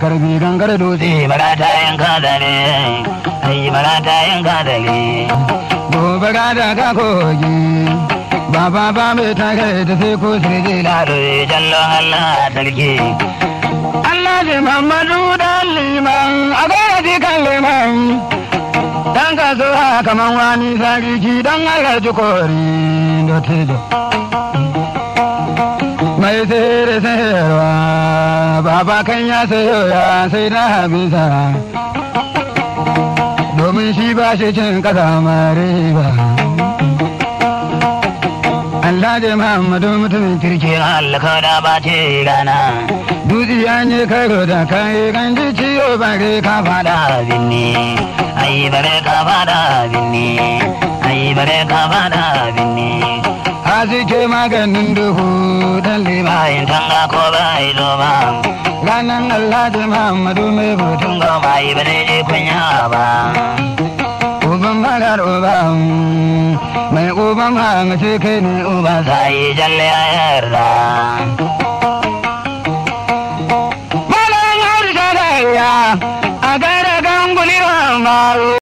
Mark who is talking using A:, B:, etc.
A: karbi gangar
B: dutse marata
A: yan kadale ai marata yan kadale gobe gada ka kogi baba ba mai tare da sai ko sai zai lalo jallo Allah sarki Allah ji Muhammadu dan liman a gaji kan liman dan ka zo kaman wani sarki dan Allah ji kori da tijo mai sayar sayarwa baba kan ya sayo ya sai na hamisa domin shi ba shi cin kasa mare ba Allah da Muhammadu mutumin kirki na ka
B: da ba ce rana dutse an yi karo da kai kan ji ciwo bare ka fada binni ayi bare ka fada binni ayi bare ka fada binni
A: haske maganin duhu dan limayin tanga
B: ko ba yi ba
A: ranar Allah da Muhammadu mai butun goma yi ba daidai kunya ba uban marar uba me uban hangace kai ne uban sa yi jalle a da? Malam Harisa da ya a gara ba maru